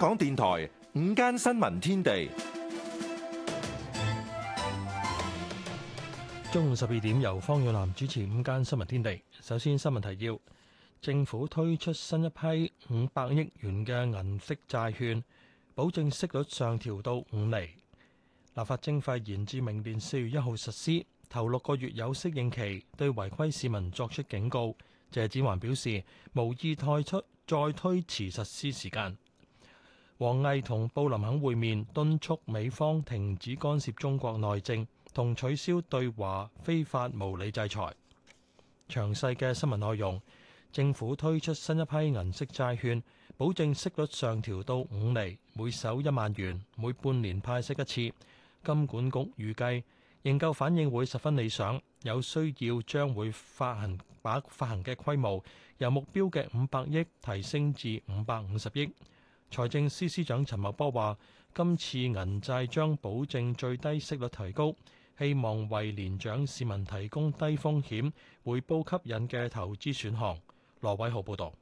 香港電台午間新聞天地，中午十二點，由方遠南主持《午間新聞天地》。首先，新聞提要：政府推出新一批五百億元嘅銀色債券，保證息率上調到五厘。立法徵費延至明年四月一號實施，頭六個月有適應期，對違規市民作出警告。謝子環表示無意退出，再推遲實施時間。王毅同布林肯會面，敦促美方停止干涉中國內政，同取消對華非法無理制裁。詳細嘅新聞內容，政府推出新一批銀色債券，保證息率上調到五厘，每手一萬元，每半年派息一次。金管局預計認購反應會十分理想，有需要將會發行，把發行嘅規模由目標嘅五百億提升至五百五十億。財政司司長陳茂波話：今次銀債將保證最低息率提高，希望為年長市民提供低風險、回報吸引嘅投資選項。羅偉豪報導。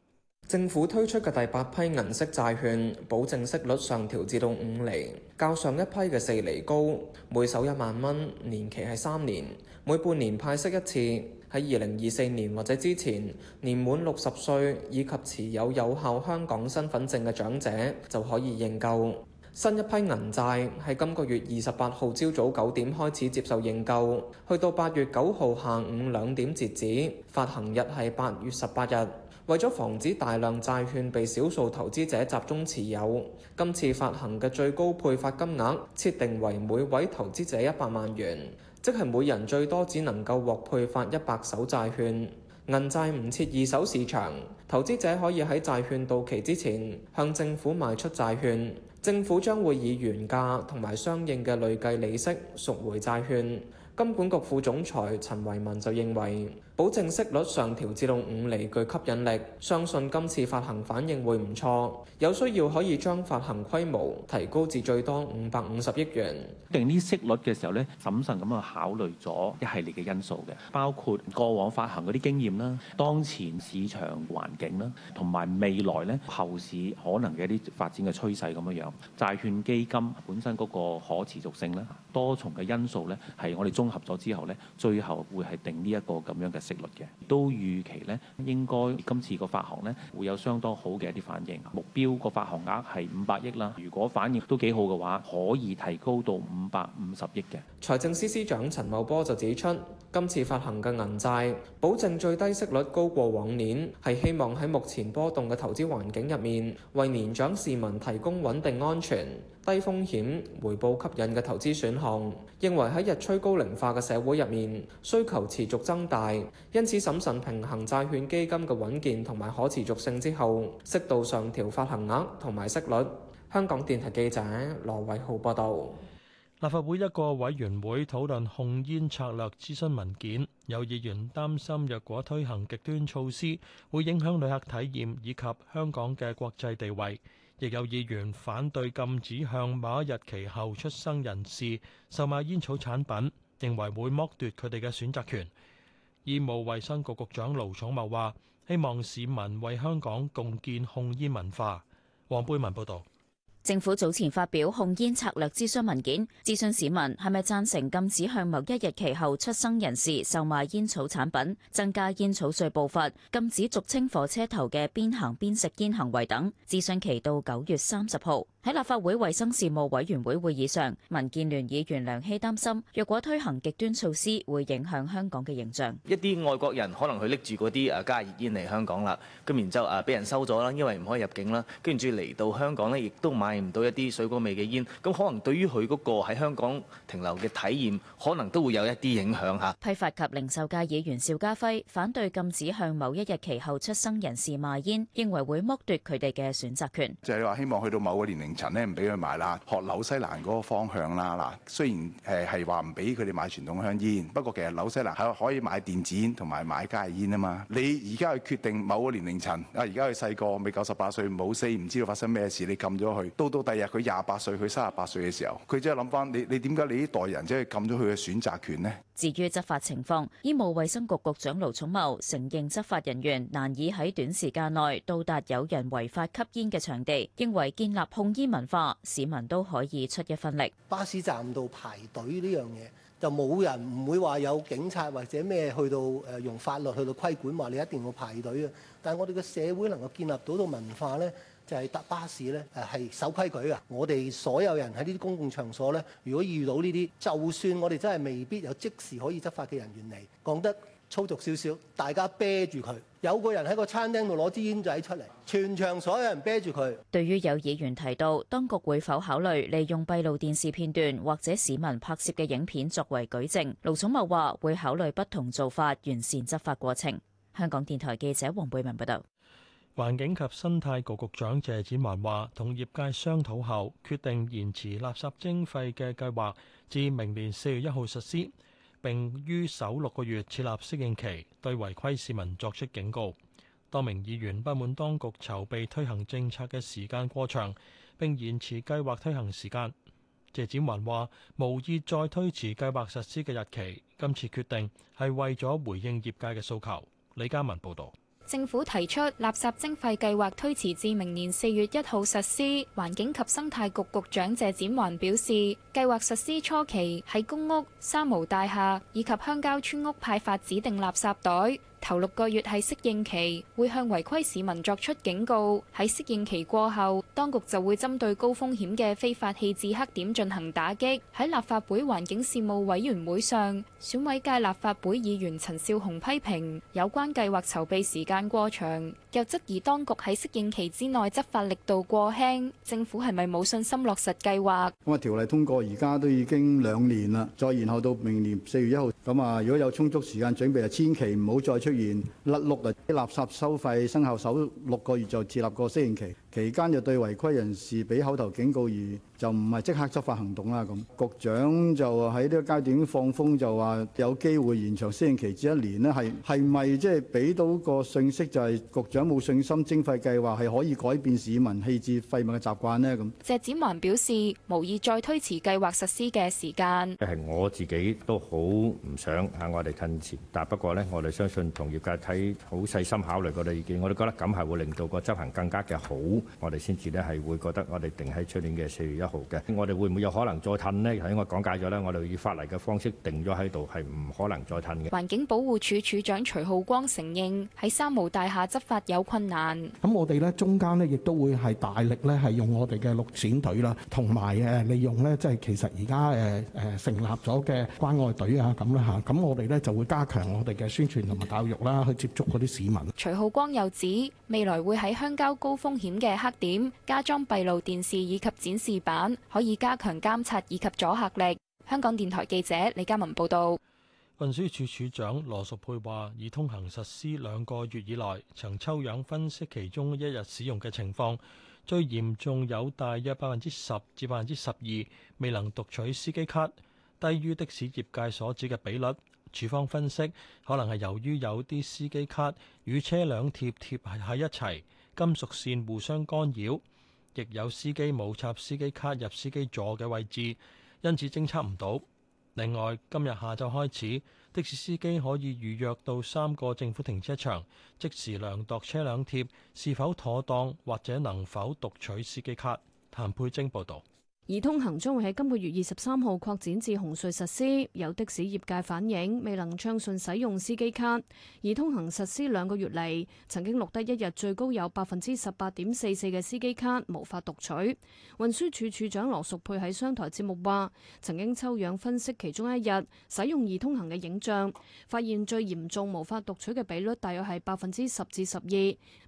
政府推出嘅第八批銀色債券保證息率上調至到五厘，較上一批嘅四厘高。每手一萬蚊，年期係三年，每半年派息一次。喺二零二四年或者之前年滿六十歲以及持有有效香港身份證嘅長者就可以認購新一批銀債。喺今個月二十八號朝早九點開始接受認購，去到八月九號下午兩點截止。發行日係八月十八日。為咗防止大量債券被少數投資者集中持有，今次發行嘅最高配發金額設定為每位投資者一百萬元。即係每人最多只能夠獲配發一百手債券，銀債唔設二手市場，投資者可以喺債券到期之前向政府賣出債券，政府將會以原價同埋相應嘅累計利息贖回債券。金管局副總裁陳維民就認為。保證息率上調至到五厘具吸引力，相信今次發行反應會唔錯。有需要可以將發行規模提高至最多五百五十億元。定啲息率嘅時候咧，審慎咁啊考慮咗一系列嘅因素嘅，包括過往發行嗰啲經驗啦、當前市場環境啦，同埋未來咧後市可能嘅一啲發展嘅趨勢咁樣樣。債券基金本身嗰個可持續性啦，多重嘅因素咧，係我哋綜合咗之後咧，最後會係定呢一個咁樣嘅。息率嘅都預期咧，應該今次個發行咧會有相當好嘅一啲反應。目標個發行額係五百億啦。如果反應都幾好嘅話，可以提高到五百五十億嘅。財政司司長陳茂波就指出，今次發行嘅銀債保證最低息率高過往年，係希望喺目前波動嘅投資環境入面，為年長市民提供穩定安全、低風險回報吸引嘅投資選項，認為喺日趨高齡化嘅社會入面，需求持續增大，因此審慎平衡債券基金嘅穩健同埋可持續性之後，適度上調發行額同埋息率。香港電台記者羅偉浩報道。立法會一個委員會討論控煙策略諮詢文件，有議員擔心若果推行極端措施，會影響旅客體驗以及香港嘅國際地位。亦有議員反對禁止向某一日期後出生人士售賣煙草產品，認為會剝奪佢哋嘅選擇權。醫務衛生局局長盧寵茂話，希望市民為香港共建控煙文化。黃貝文報導。政府早前發表控煙策略諮詢文件，諮詢市民係咪贊成禁止向某一日期後出生人士售賣煙草產品，增加煙草稅步伐，禁止俗稱火車頭嘅邊行邊食煙行為等。諮詢期到九月三十號。喺立法會衞生事務委員會會議上，民建聯議員梁希擔心，若果推行極端措施，會影響香港嘅形象。一啲外國人可能佢拎住嗰啲誒加熱煙嚟香港啦，咁然之後誒俾人收咗啦，因為唔可以入境啦。跟住嚟到香港呢，亦都買唔到一啲水果味嘅煙，咁可能對於佢嗰個喺香港停留嘅體驗，可能都會有一啲影響吓。批發及零售界議員邵家輝反對禁止向某一日期後出生人士賣煙，認為會剝奪佢哋嘅選擇權。就係話希望去到某個年齡。層咧唔俾佢買啦，學紐西蘭嗰個方向啦。嗱，雖然誒係話唔俾佢哋買傳統香煙，不過其實紐西蘭係可以買電子煙同埋買戒煙啊嘛。你而家去決定某個年齡層啊，而家佢細個未九十八歲，冇四，唔知道發生咩事，你禁咗佢。到到第日佢廿八歲，佢三十八歲嘅時候，佢真係諗翻你，你點解你呢代人即係禁咗佢嘅選擇權呢？」至於執法情況，醫務衛生局局長盧寵茂承認執法人員難以喺短時間內到達有人違法吸煙嘅場地，認為建立控。啲文化市民都可以出一份力。巴士站度排隊呢樣嘢就冇人，唔會話有警察或者咩去到誒、呃、用法律去到規管，話你一定要排隊啊！但係我哋嘅社會能夠建立到嘅文化咧，就係、是、搭巴士咧係守規矩啊！我哋所有人喺呢啲公共場所咧，如果遇到呢啲，就算我哋真係未必有即時可以執法嘅人員嚟講得。粗俗少少，大家啤住佢。有個人喺個餐廳度攞支煙仔出嚟，全場所有人啤住佢。對於有議員提到當局會否考慮利用閉路電視片段或者市民拍攝嘅影片作為舉證，盧寵茂話會考慮不同做法，完善執法過程。香港電台記者黃貝文報道。環境及生態局局長謝展寰話，同業界商討後，決定延遲垃圾徵費嘅計劃至明年四月一號實施。並於首六個月設立適應期，對違規市民作出警告。多名議員不滿當局籌備推行政策嘅時間過長，並延遲計劃推行時間。謝展寰話，無意再推遲計劃實施嘅日期，今次決定係為咗回應業界嘅訴求。李嘉文報道。政府提出垃圾徵費計劃推遲至明年四月一號實施。環境及生態局局長謝展環表示，計劃實施初期喺公屋、三無大廈以及鄉郊村屋派發指定垃圾袋。頭六個月係適應期，會向違規市民作出警告。喺適應期過後，當局就會針對高風險嘅非法棄置黑點進行打擊。喺立法會環境事務委員會上，選委界立法會議員陳紹雄批評有關計劃籌備時間過長。又質疑當局喺適應期之內執法力度過輕，政府係咪冇信心落實計劃？咁話條例通過而家都已經兩年啦，再延後到明年四月一號，咁啊如果有充足時間準備，就千祈唔好再出現甩碌啊！垃圾收費生效首六個月就設立個適應期，期間就對違規人士俾口頭警告而。就唔係即刻執法行動啦咁，局長就喺呢個階段放風就話有機會延長適應期至一年咧，係係咪即係俾到個信息就係、是、局長冇信心徵費計劃係可以改變市民棄置廢物嘅習慣咧咁？謝展寰表示無意再推遲計劃實施嘅時間。係我自己都好唔想吓我哋延遲，但不過咧我哋相信同業界睇好細心考慮過啲意見，我哋覺得咁係會令到個執行更加嘅好，我哋先至咧係會覺得我哋定喺出年嘅四月一。嘅，我哋會唔會有可能再褪呢？頭先我講解咗咧，我哋以法例嘅方式定咗喺度，係唔可能再褪嘅。環境保護署署長徐浩光承認喺三無大廈執法有困難。咁我哋咧中間呢亦都會係大力咧係用我哋嘅綠展隊啦，同埋誒利用呢，即係其實而家誒誒成立咗嘅關愛隊啊咁啦嚇。咁我哋咧就會加強我哋嘅宣傳同埋教育啦，去接觸嗰啲市民。徐浩光又指未來會喺鄉郊高風險嘅黑點加裝閉路電視以及展示板。可以加強監察以及阻嚇力。香港電台記者李嘉文報道，運輸署署長羅淑佩話，易通行實施兩個月以來，曾抽樣分析其中一日使用嘅情況，最嚴重有大約百分之十至百分之十二未能讀取司機卡，低於的士業界所指嘅比率。署方分析，可能係由於有啲司機卡與車輛貼貼喺一齊，金屬線互相干擾。亦有司機冇插司機卡入司機座嘅位置，因此偵測唔到。另外，今日下晝開始，的士司機可以預約到三個政府停車場，即時量度車輛貼是否妥當，或者能否讀取司機卡。譚佩晶報導。易通行將會喺今個月二十三號擴展至紅隧實施，有的士業界反映未能暢順使用司機卡。易通行實施兩個月嚟，曾經錄得一日最高有百分之十八點四四嘅司機卡無法讀取。運輸署署，署長羅淑佩喺商台節目話：曾經抽樣分析其中一日使用易通行嘅影像，發現最嚴重無法讀取嘅比率大約係百分之十至十二，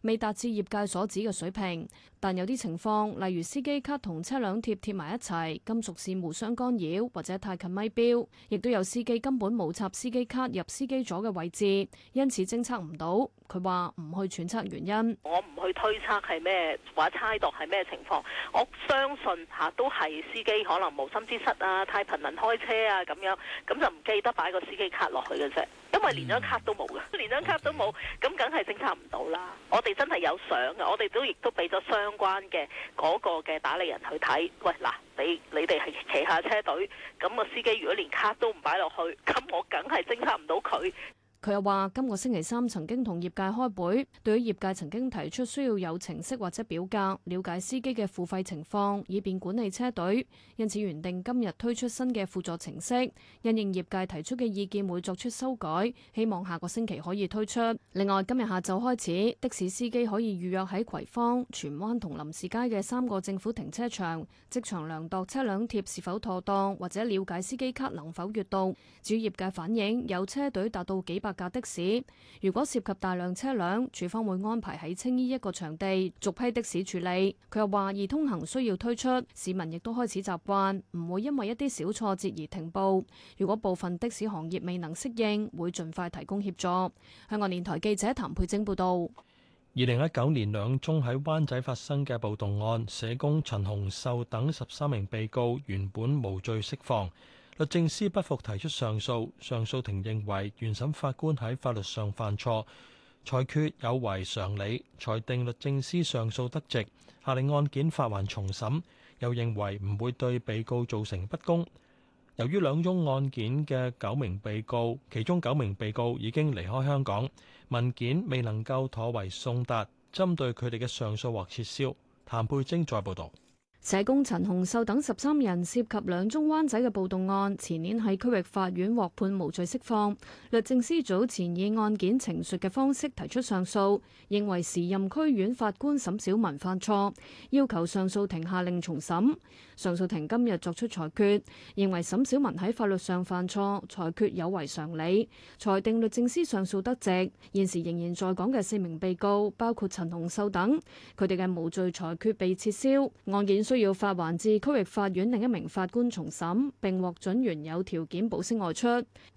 未達至業界所指嘅水平。但有啲情況，例如司機卡同車輛貼貼埋，一齊，金屬線互相干擾，或者太近咪標，亦都有司機根本冇插司機卡入司機座嘅位置，因此偵測唔到。佢話唔去揣測原因，我唔去推測係咩，或者猜度係咩情況。我相信吓都係司機可能無心之失啊，太頻繁開車啊咁樣，咁就唔記得擺個司機卡落去嘅啫。因為連張卡都冇㗎，連張卡都冇，咁梗係偵測唔到啦。我哋真係有相嘅，我哋都亦都俾咗相關嘅嗰個嘅打理人去睇。喂，嗱，你你哋係旗下車隊，咁個司機如果連卡都唔擺落去，咁我梗係偵測唔到佢。佢又話：今個星期三曾經同業界開會，對於業界曾經提出需要有程式或者表格了解司機嘅付費情況，以便管理車隊。因此原定今日推出新嘅輔助程式，因應業界提出嘅意見會作出修改，希望下個星期可以推出。另外，今日下晝開始，的士司機可以預約喺葵芳、荃灣同林士街嘅三個政府停車場，即場量度車輛貼是否妥當，或者了解司機卡能否閲讀。至於業界反映有車隊達到幾百。合格的士，如果涉及大量車輛，署方會安排喺青衣一個場地逐批的士處理。佢又話，而通行需要推出，市民亦都開始習慣，唔會因為一啲小挫折而停步。如果部分的士行業未能適應，會盡快提供協助。香港電台記者譚佩晶報道。二零一九年兩宗喺灣仔發生嘅暴動案，社工陳洪秀等十三名被告原本無罪釋放。律政司不服提出上訴，上訴庭認為原審法官喺法律上犯錯，裁決有違常理，裁定律政司上訴得直，下令案件發還重審，又認為唔會對被告造成不公。由於兩宗案件嘅九名被告，其中九名被告已經離開香港，文件未能夠妥為送達，針對佢哋嘅上訴或撤銷，譚佩晶再報道。社工陳洪秀等十三人涉及兩宗灣仔嘅暴動案，前年喺區域法院獲判無罪釋放。律政司早前以案件呈述嘅方式提出上訴，認為時任區院法官沈小文犯錯，要求上訴庭下令重審。上訴庭今日作出裁決，認為沈小文喺法律上犯錯，裁決有違常理，裁定律政司上訴得直，現時仍然在港嘅四名被告，包括陳洪秀等，佢哋嘅無罪裁決被撤銷，案件需要發還至區域法院另一名法官重審，並獲准原有條件保釋外出。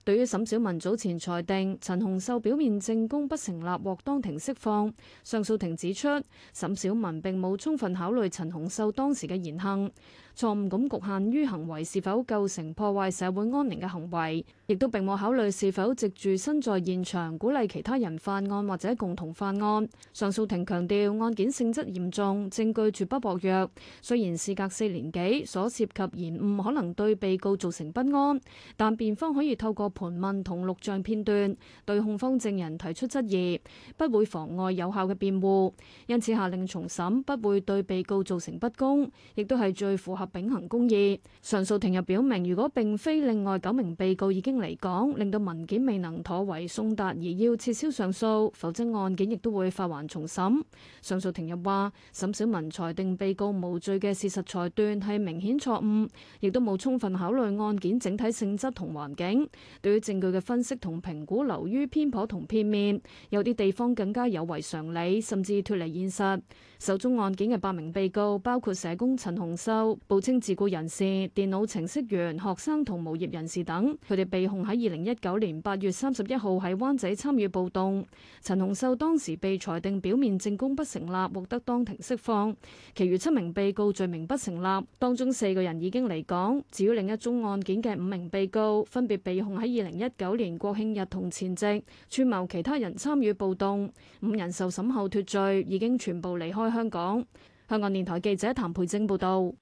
對於沈小文早前裁定陳洪秀表面證供不成立，獲當庭釋放，上訴庭指出，沈小文並冇充分考慮陳洪秀當時嘅言行。錯誤咁侷限於行為是否構成破壞社會安寧嘅行為，亦都並冇考慮是否藉住身在現場鼓勵其他人犯案或者共同犯案。上訴庭強調案件性質嚴重，證據絕不薄弱。雖然事隔四年幾，所涉及延誤可能對被告造成不安，但辯方可以透過盤問同錄像片段對控方證人提出質疑，不會妨礙有效嘅辯護。因此下令重審不會對被告造成不公，亦都係最符合並行公義。上訴庭又表明，如果並非另外九名被告已經離港，令到文件未能妥為送達而要撤銷上訴，否則案件亦都會發還重審。上訴庭又話，沈小文裁定被告無罪嘅事實裁斷係明顯錯誤，亦都冇充分考慮案件整體性質同環境，對於證據嘅分析同評估流於偏頗同片面，有啲地方更加有違常理，甚至脫離現實。首宗案件嘅八名被告包括社工陳虹秀。報稱自雇人士、電腦程式員、學生同無業人士等，佢哋被控喺二零一九年八月三十一號喺灣仔參與暴動。陳洪秀當時被裁定表面證供不成立，獲得當庭釋放。其餘七名被告罪名不成立，當中四個人已經離港。至於另一宗案件嘅五名被告，分別被控喺二零一九年國慶日同前夕串謀其他人參與暴動，五人受審後脫罪，已經全部離開香港。香港電台記者譚培貞報道。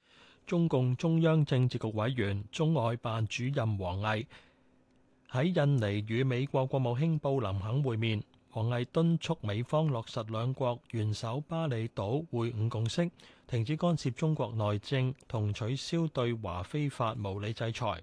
中共中央政治局委員、中外辦主任王毅喺印尼與美國國務卿布林肯會面，王毅敦促美方落實兩國元首巴厘島會晤共識，停止干涉中國內政同取消對華非法無理制裁。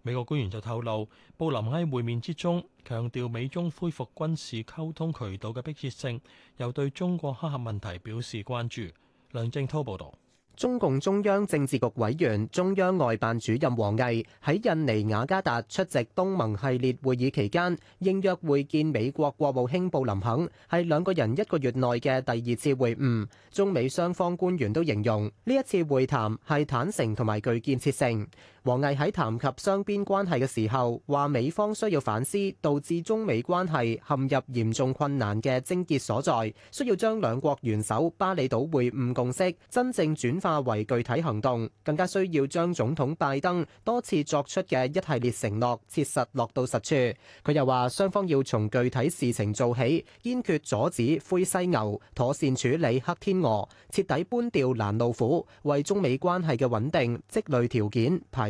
美國官員就透露，布林肯喺會面之中強調美中恢復軍事溝通渠道嘅迫切性，又對中國黑客問題表示關注。梁正濤報道。中共中央政治局委員、中央外辦主任王毅喺印尼雅加達出席東盟系列會議期間，應約會見美國國務卿布林肯，係兩個人一個月內嘅第二次會晤。中美雙方官員都形容呢一次會談係坦誠同埋具建設性。王毅喺談及雙邊關係嘅時候，話美方需要反思導致中美關係陷入嚴重困難嘅症結所在，需要將兩國元首巴厘島會晤共識真正轉化為具體行動，更加需要將總統拜登多次作出嘅一系列承諾切實落到實處，佢又話雙方要從具體事情做起，堅決阻止灰犀牛、妥善處理黑天鵝、徹底搬掉攔路虎，為中美關係嘅穩定積累條件排。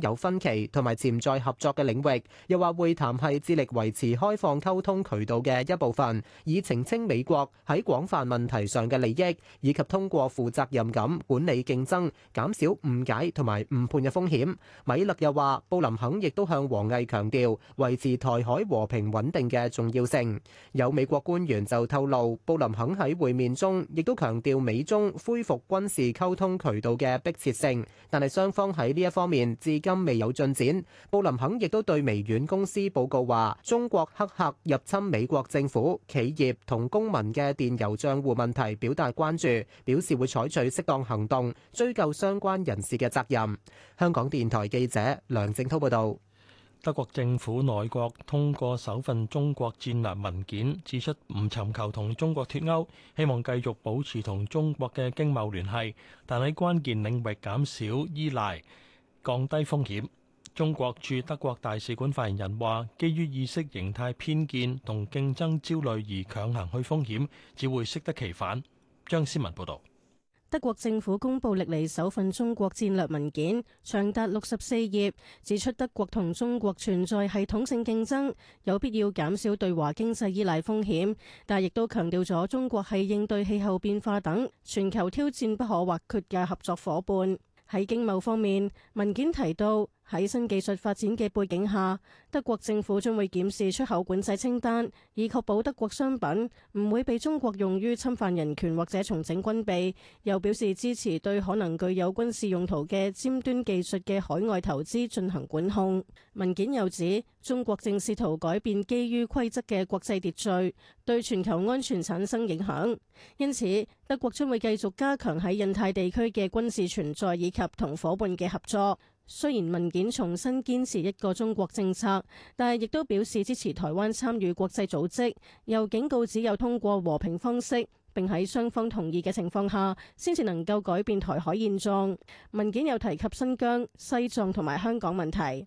有分歧同埋潛在合作嘅領域，又話會談係致力維持開放溝通渠道嘅一部分，以澄清美國喺廣泛問題上嘅利益，以及通過負責任感管理競爭，減少誤解同埋誤判嘅風險。米勒又話，布林肯亦都向王毅強調維持台海和平穩定嘅重要性。有美國官員就透露，布林肯喺會面中亦都強調美中恢復軍事溝通渠道嘅迫切性，但係雙方喺呢一方面自因未有進展，布林肯亦都對微軟公司報告話，中國黑客入侵美國政府、企業同公民嘅電郵帳戶問題表達關注，表示會採取適當行動，追究相關人士嘅責任。香港電台記者梁正濤報道，德國政府內閣通過首份中國戰略文件，指出唔尋求同中國脫歐，希望繼續保持同中國嘅經貿聯繫，但喺關鍵領域減少依賴。降低風險，中國駐德國大使館發言人話，基於意識形態偏見同競爭焦慮而強行去風險，只會適得其反。張思文報道。德國政府公布歷嚟首份中國戰略文件，長達六十四頁，指出德國同中國存在系統性競爭，有必要減少對華經濟依賴風險，但亦都強調咗中國係應對氣候變化等全球挑戰不可或缺嘅合作伙伴。喺經貿方面，文件提到，喺新技術發展嘅背景下，德國政府將會檢視出口管制清單，以確保德國商品唔會被中國用於侵犯人權或者重整軍備。又表示支持對可能具有軍事用途嘅尖端技術嘅海外投資進行管控。文件又指，中國正試圖改變基於規則嘅國際秩序，對全球安全產生影響。因此，德國將會繼續加強喺印太地區嘅軍事存在以及同伙伴嘅合作。雖然文件重新堅持一個中國政策，但係亦都表示支持台灣參與國際組織，又警告只有通過和平方式，並喺雙方同意嘅情況下，先至能夠改變台海現狀。文件又提及新疆、西藏同埋香港問題。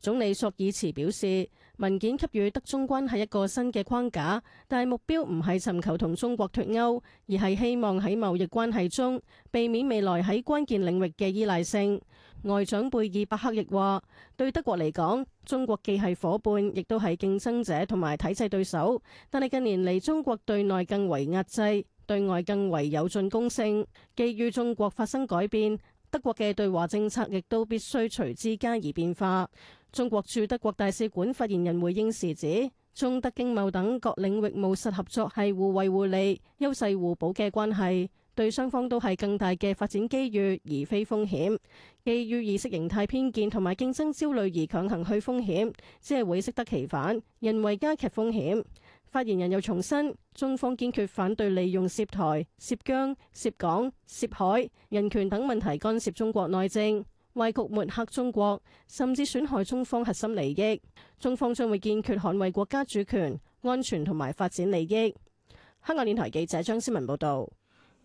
總理索爾茨表示，文件給予德中關係一個新嘅框架，但係目標唔係尋求同中國脫鈎，而係希望喺貿易關係中避免未來喺關鍵領域嘅依賴性。外長貝爾伯克亦話：對德國嚟講，中國既係伙伴，亦都係競爭者同埋體制對手。但係近年嚟，中國對內更為壓制，對外更為有進攻性。基於中國發生改變，德國嘅對華政策亦都必須隨之加以變化。中國駐德國大使館發言人回應時指：中德經貿等各領域務實合作係互惠互利、優勢互補嘅關係。對雙方都係更大嘅發展機遇，而非風險。基於意識形態偏見同埋競爭焦慮而強行去風險，只係會適得其反，人為加劇風險。發言人又重申，中方堅決反對利用涉台、涉疆、涉港、涉海、人權等問題干涉中國內政，歪曲抹黑中國，甚至損害中方核心利益。中方將會堅決捍衛國家主權、安全同埋發展利益。香港電台記者張思文報導。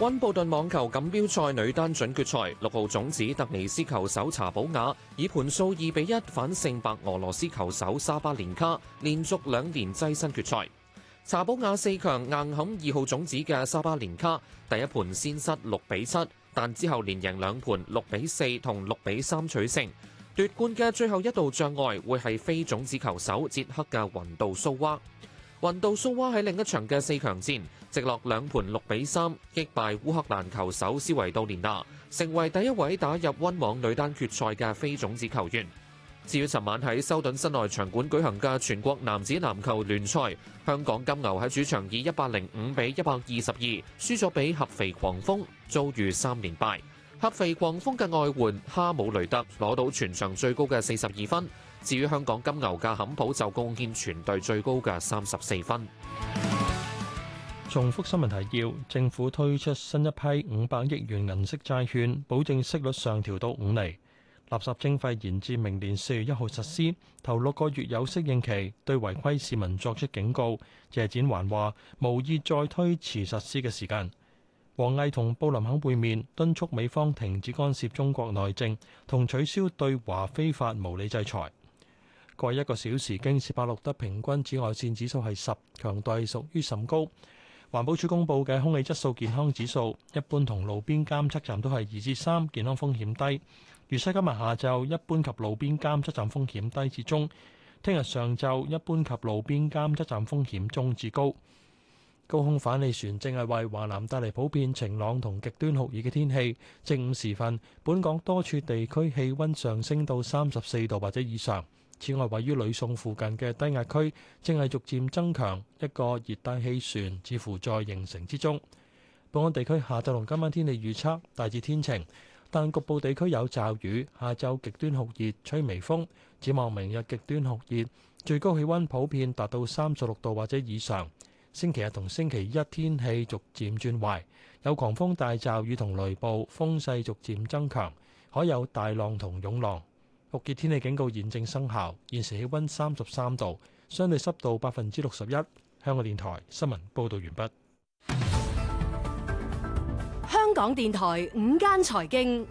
温布頓網球錦標賽女單準決賽，六號種子特尼斯球手查保雅以盤數二比一反勝白俄羅斯球手沙巴連卡，連續兩年躋身決賽。查保雅四強硬撼二號種子嘅沙巴連卡，第一盤先失六比七，但之後連贏兩盤六比四同六比三取勝。奪冠嘅最後一度障礙會係非種子球手捷克嘅雲道蘇娃。雲道蘇娃喺另一場嘅四強戰。直落兩盤六比三擊敗烏克蘭球手斯維杜連娜，成為第一位打入溫網女單決賽嘅非種子球員。至於尋晚喺修頓室內場館舉行嘅全國男子籃球聯賽，香港金牛喺主場以一百零五比一百二十二輸咗俾合肥狂風，遭遇三連敗。合肥狂風嘅外援哈姆雷特攞到全場最高嘅四十二分，至於香港金牛嘅坎普就貢獻全隊最高嘅三十四分。重複新聞提要：政府推出新一批五百億元銀色債券，保證息率上調到五厘。垃圾徵費延至明年四月一號實施，頭六個月有適應期，對違規市民作出警告。謝展寰話無意再推遲實施嘅時間。王毅同布林肯會面，敦促美方停止干涉中國內政，同取消對華非法無理制裁。過一個小時，京士柏錄得平均紫外線指數係十，強度屬於甚高。環保署公布嘅空氣質素健康指數，一般同路邊監測站都係二至三，健康風險低。預測今日下晝一般及路邊監測站風險低至中，聽日上晝一般及路邊監測站風險中至高。高空反氣旋正係為華南帶嚟普遍晴朗同極端酷熱嘅天氣。正午時分，本港多處地區氣温上升到三十四度或者以上。此外，位於呂宋附近嘅低壓區正係逐漸增強，一個熱帶氣旋似乎在形成之中。本澳地區下晝同今晚天氣預測大致天晴，但局部地區有驟雨。下晝極端酷熱，吹微風。展望明日極端酷熱，最高氣温普遍達到三十六度或者以上。星期日同星期一天氣逐漸轉壞，有狂風大驟雨同雷暴，風勢逐漸增強，可有大浪同湧浪。酷熱天氣警告，現正生效，現時氣溫三十三度，相對濕度百分之六十一。香港電台新聞報道完畢。香港電台午間財經，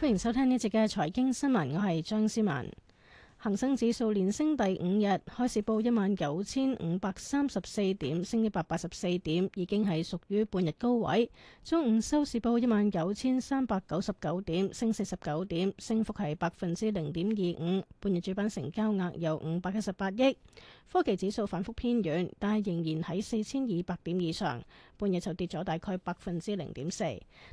歡迎收聽呢節嘅財經新聞，我係張思文。恒生指數連升第五日，開市報一萬九千五百三十四點，升一百八十四點，已經係屬於半日高位。中午收市報一萬九千三百九十九點，升四十九點，升幅係百分之零點二五。半日主板成交額有五百一十八億。科技指數反覆偏軟，但係仍然喺四千二百點以上，半日就跌咗大概百分之零點四。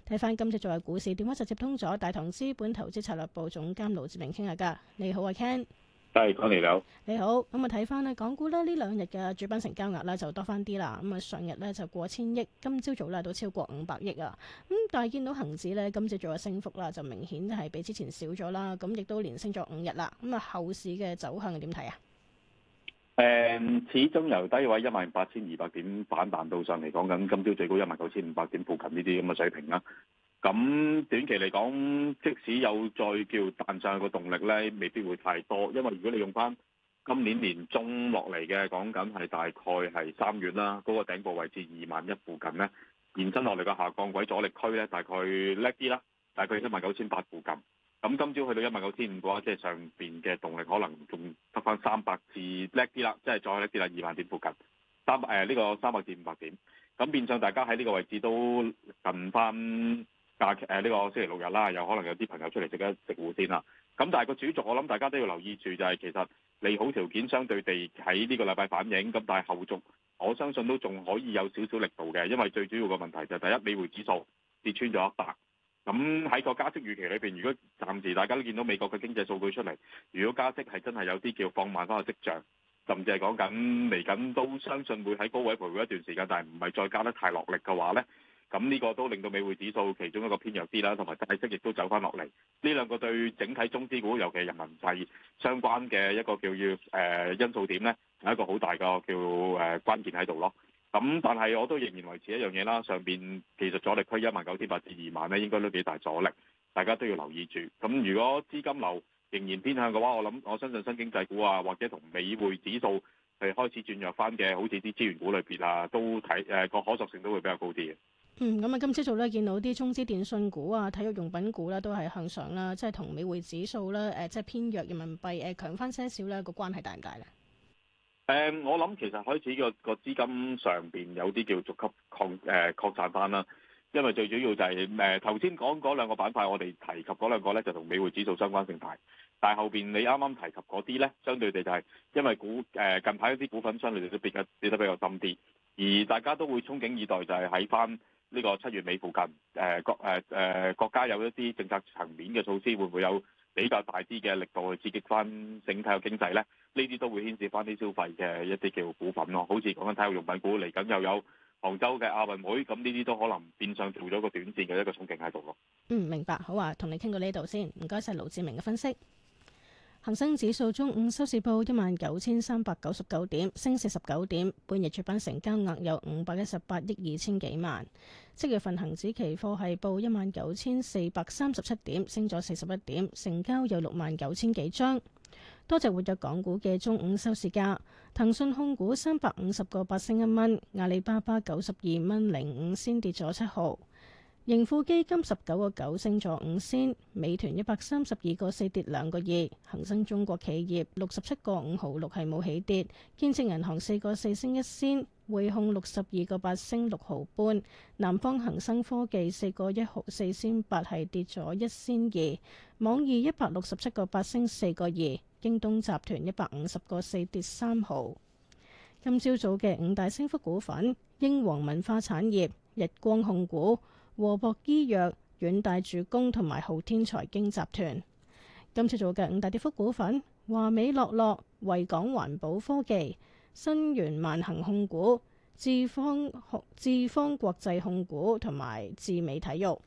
睇翻今朝作嘅股市電話就接通咗大同資本投資策略部總監盧志明傾下噶。你好、啊，我 Ken。大家講嚟啦，你好，咁啊睇翻咧，港股咧呢兩日嘅主板成交額呢，就多翻啲啦，咁啊上日呢，就過千億，今朝早呢，都超過五百億啊，咁但係見到恒指呢，今朝早嘅升幅啦，就明顯係比之前少咗啦，咁亦都連升咗五日啦，咁啊後市嘅走向點睇啊？誒、嗯，始終由低位一萬八千二百點反彈到上嚟，講緊今朝最高一萬九千五百點附近呢啲咁嘅水平啦。咁短期嚟講，即使有再叫彈上去個動力呢，未必會太多，因為如果你用翻今年年中落嚟嘅，講緊係大概係三月啦，嗰個頂部位置二萬一附近呢，延伸落嚟嘅下降軌阻力區呢，大概叻啲啦，大概一萬九千八附近。咁今朝去到一萬九千五嘅話，即係上邊嘅動力可能仲得翻三百至叻啲啦，即係再叻啲啦，二萬點附近三誒呢個三百至五百點。咁變相大家喺呢個位置都近翻。假期呢個星期六日啦，有可能有啲朋友出嚟食一食糊先啦。咁但係個主軸，我諗大家都要留意住、就係，就係其實利好條件相對地喺呢個禮拜反映。咁但係後續，我相信都仲可以有少少力度嘅，因為最主要嘅問題就係第一，美匯指數跌穿咗一百。咁喺個加息預期裏邊，如果暫時大家都見到美國嘅經濟數據出嚟，如果加息係真係有啲叫放慢翻個跡象，甚至係講緊嚟緊都相信會喺高位徘徊一段時間，但係唔係再加得太落力嘅話呢。咁呢個都令到美匯指數其中一個偏弱啲啦，同埋大息亦都走翻落嚟。呢兩個對整體中資股，尤其係人民幣相關嘅一個叫要誒、呃、因素點呢，係一個好大個叫誒、呃、關鍵喺度咯。咁但係我都仍然維持一樣嘢啦，上邊技術阻力區一萬九千八至二萬呢，應該都幾大阻力，大家都要留意住。咁如果資金流仍然偏向嘅話，我諗我相信新經濟股啊，或者同美匯指數係開始轉弱翻嘅，好似啲資源股裏邊啊，都睇誒個可塑性都會比較高啲嘅。嗯，咁啊，今朝早咧，見到啲中資電信股啊、體育用品股啦、啊，都係向上啦，即係同美匯指數啦，誒、呃，即係偏弱人民幣誒，強、呃、翻些少咧，個關係大唔大咧？誒、嗯，我諗其實開始個個資金上邊有啲叫逐級擴誒擴散翻啦，因為最主要就係誒頭先講嗰兩個板塊，我哋提及嗰兩個咧就同美匯指數相關性大，但係後邊你啱啱提及嗰啲咧，相對地就係因為股誒、呃、近排啲股份相對嚟講跌得比較深啲，而大家都會憧憬以待就係喺翻。呢個七月尾附近，誒國、誒、誒國家有一啲政策層面嘅措施，會唔會有比較大啲嘅力度去刺激翻整體嘅經濟咧？呢啲都會牽涉翻啲消費嘅一啲叫股份咯。好似講緊體育用品股，嚟緊又有杭州嘅亞運會，咁呢啲都可能變相做咗個短線嘅一個憧憬喺度咯。嗯，明白。好啊，同你傾到呢度先，唔該晒，盧志明嘅分析。恒生指數中午收市報，一萬九千三百九十九點，升四十九點。半日主板成交額有五百一十八億二千幾萬。七月份恒指期貨係報一萬九千四百三十七點，升咗四十一點，成交有六萬九千幾張。多隻活躍港股嘅中午收市價，騰訊控股三百五十個八升一蚊，阿里巴巴九十二蚊零五先跌咗七毫。盈富基金十九個九升咗五仙，美團一百三十二個四跌兩個二，恒生中國企業六十七個五毫六係冇起跌，建設銀行四個四升一仙，匯控六十二個八升六毫半，南方恒生科技四個一毫四仙八係跌咗一仙二，網易一百六十七個八升四個二，京東集團一百五十個四跌三毫。今朝早嘅五大升幅股份：英皇文化產業、日光控股。和博醫藥、遠大住工同埋浩天財經集團。今次做嘅五大跌幅股份，華美樂樂、維港環保科技、新源萬恒控股、智方智方國際控股同埋智美體育。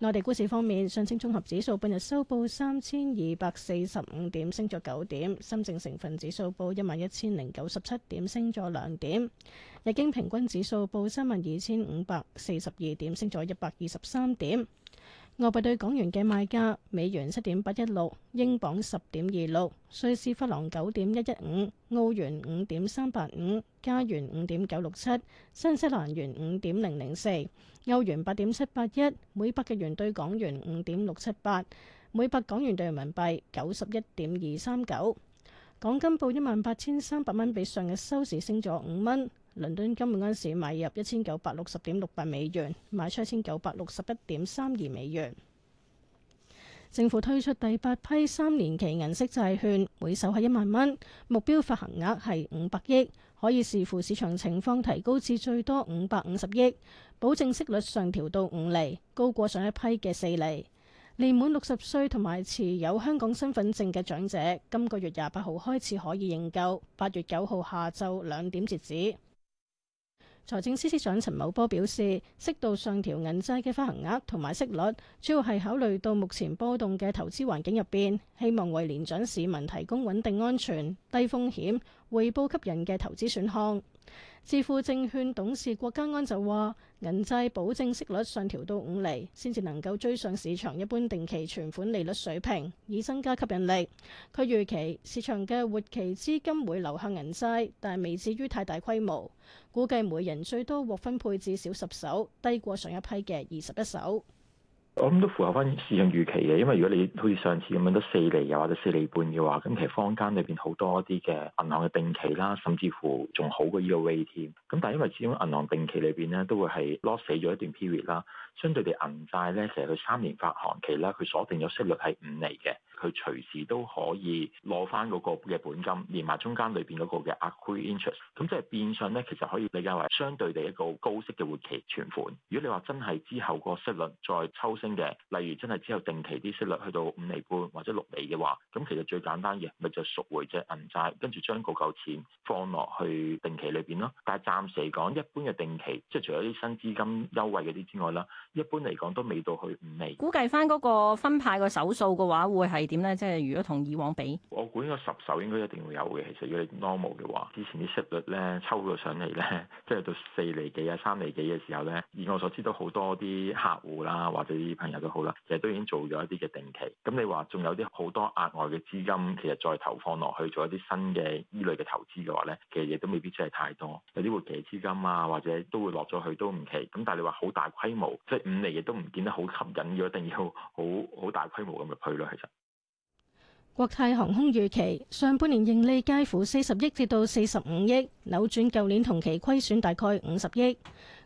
內地股市方面，上證綜合指數半日收報三千二百四十五點，升咗九點。深證成分指數報一萬一千零九十七點，升咗兩點。日經平均指數報三萬二千五百四十二點，升咗一百二十三點。外幣對港元嘅賣價：美元七點八一六，英鎊十點二六，瑞士法郎九點一一五，澳元五點三八五，加元五點九六七，新西蘭元五點零零四，歐元八點七八一，每百日元對港元五點六七八，每百港元對人民幣九十一點二三九。港金報一萬八千三百蚊，比上日收市升咗五蚊。倫敦金每盎司買入一千九百六十點六八美元，賣出一千九百六十一點三二美元。政府推出第八批三年期銀色債券，每手係一萬蚊，目標發行額係五百億，可以視乎市場情況提高至最多五百五十億，保證息率上調到五厘，高過上一批嘅四厘。年滿六十歲同埋持有香港身份證嘅長者，今個月廿八號開始可以認購，八月九號下晝兩點截止。財政司司長陳茂波表示，適度上調銀債嘅發行額同埋息率，主要係考慮到目前波動嘅投資環境入邊，希望為年長市民提供穩定、安全、低風險、回報吸引嘅投資選項。致富證券董事郭家安就話：銀債保證息率上調到五厘先至能夠追上市場一般定期存款利率水平，以增加吸引力。佢預期市場嘅活期資金會流向銀債，但未至於太大規模。估計每人最多獲分配至少十手，低過上一批嘅二十一手。我諗都符合翻市場預期嘅，因為如果你好似上次咁樣得四厘又或者四厘半嘅話，咁其實坊間裏邊好多啲嘅銀行嘅定期啦，甚至乎仲好過呢個 rate 添。咁但係因為始終銀行定期裏邊咧都會係 loss 死咗一段 period 啦，相對地銀債咧成日佢三年發行期啦，佢鎖定咗息率係五厘嘅。佢隨時都可以攞翻嗰個嘅本金，連埋中間裏邊嗰個嘅額外 interest，咁即係變相咧，其實可以理解為相對地一個高息嘅活期存款。如果你話真係之後個息率再抽升嘅，例如真係之後定期啲息率去到五厘半或者六厘嘅話，咁其實最簡單嘅咪就贖回隻銀債，跟住將嗰嚿錢放落去定期裏邊咯。但係暫時嚟講，一般嘅定期，即係除咗啲新資金優惠嗰啲之外啦，一般嚟講都未到去五厘。估計翻嗰個分派個手數嘅話，會係。點咧？即係如果同以往比，我估呢個十手應該一定會有嘅。其實，如果你 normal 嘅話，之前啲息率咧抽到上嚟咧，即係到四厘幾啊、三厘幾嘅時候咧，以我所知都好多啲客戶啦，或者啲朋友都好啦，其實都已經做咗一啲嘅定期。咁你話仲有啲好多額外嘅資金，其實再投放落去做一啲新嘅依類嘅投資嘅話咧，其實亦都未必真係太多。有啲活期資金啊，或者都會落咗去都唔奇。咁但係你話好大規模，即係五厘亦都唔見得好吸引，要一定要好好大規模咁入去咯。其實。國泰航空預期上半年盈利介乎四十億至到四十五億，扭轉舊年同期虧損大概五十億。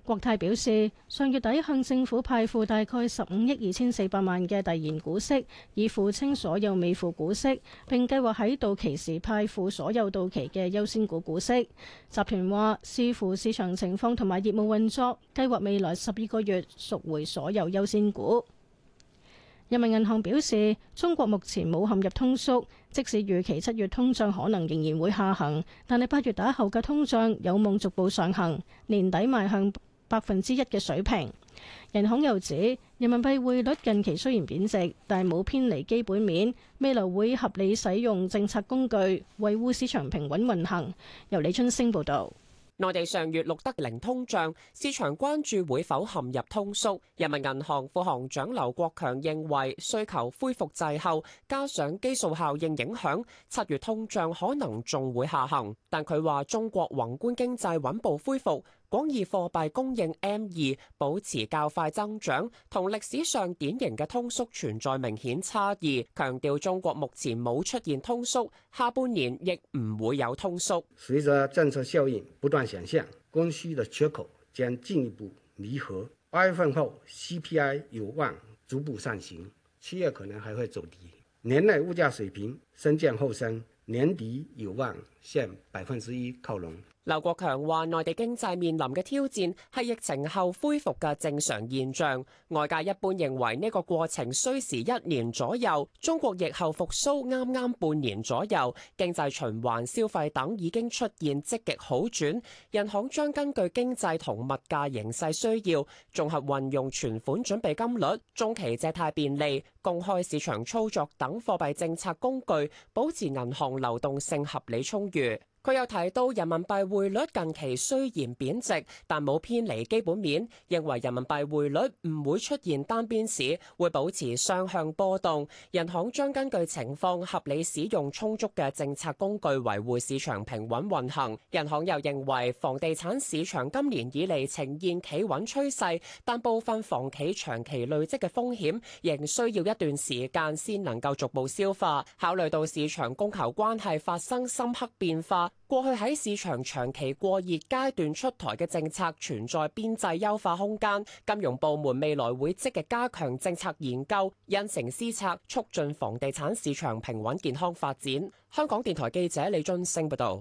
國泰表示，上月底向政府派付大概十五億二千四百萬嘅遞延股息，以付清所有未付股息，並計劃喺到期時派付所有到期嘅優先股股息。集團話視乎市場情況同埋業務運作，計劃未來十二個月贖回所有優先股。人民銀行表示，中國目前冇陷入通縮，即使預期七月通脹可能仍然會下行，但係八月打後嘅通脹有望逐步上行，年底邁向百分之一嘅水平。人行又指，人民幣匯率近期雖然貶值，但係冇偏離基本面，未來會合理使用政策工具，維護市場平穩運行。由李春生報導。內地上月錄得零通脹，市場關注會否陷入通縮。人民銀行副行長劉國強認為，需求恢復滯後，加上基數效應影響，七月通脹可能仲會下行。但佢話中國宏觀經濟穩步恢復。廣義貨幣供應 M2 保持較快增長，同歷史上典型嘅通縮存在明顯差異，強調中國目前冇出現通縮，下半年亦唔會有通縮。隨着政策效應不斷顯現，供需的缺口將進一步彌合。八月份後 CPI 有望逐步上行，七月可能還會走低，年內物價水平先降後升，年底有望向百分之一靠攏。劉國強話：內地經濟面臨嘅挑戰係疫情後恢復嘅正常現象。外界一般認為呢個過程需時一年左右。中國疫後復甦啱啱半年左右，經濟循環、消費等已經出現積極好轉。銀行將根據經濟同物價形勢需要，綜合運用存款準備金率、中期借貸便利、公開市場操作等貨幣政策工具，保持銀行流動性合理充裕。佢又提到，人民幣匯率近期雖然貶值，但冇偏離基本面，認為人民幣匯率唔會出現單邊市，會保持雙向波動，人行將根據情況合理使用充足嘅政策工具，維護市場平穩運行。人行又認為房地產市場今年以嚟呈現企穩趨勢，但部分房企長期累積嘅風險仍需要一段時間先能夠逐步消化。考慮到市場供求關係發生深刻變化。過去喺市場長期過熱階段出臺嘅政策存在邊際優化空間，金融部門未來會積極加強政策研究，因城施策，促進房地產市場平穩健康發展。香港電臺記者李俊星報道。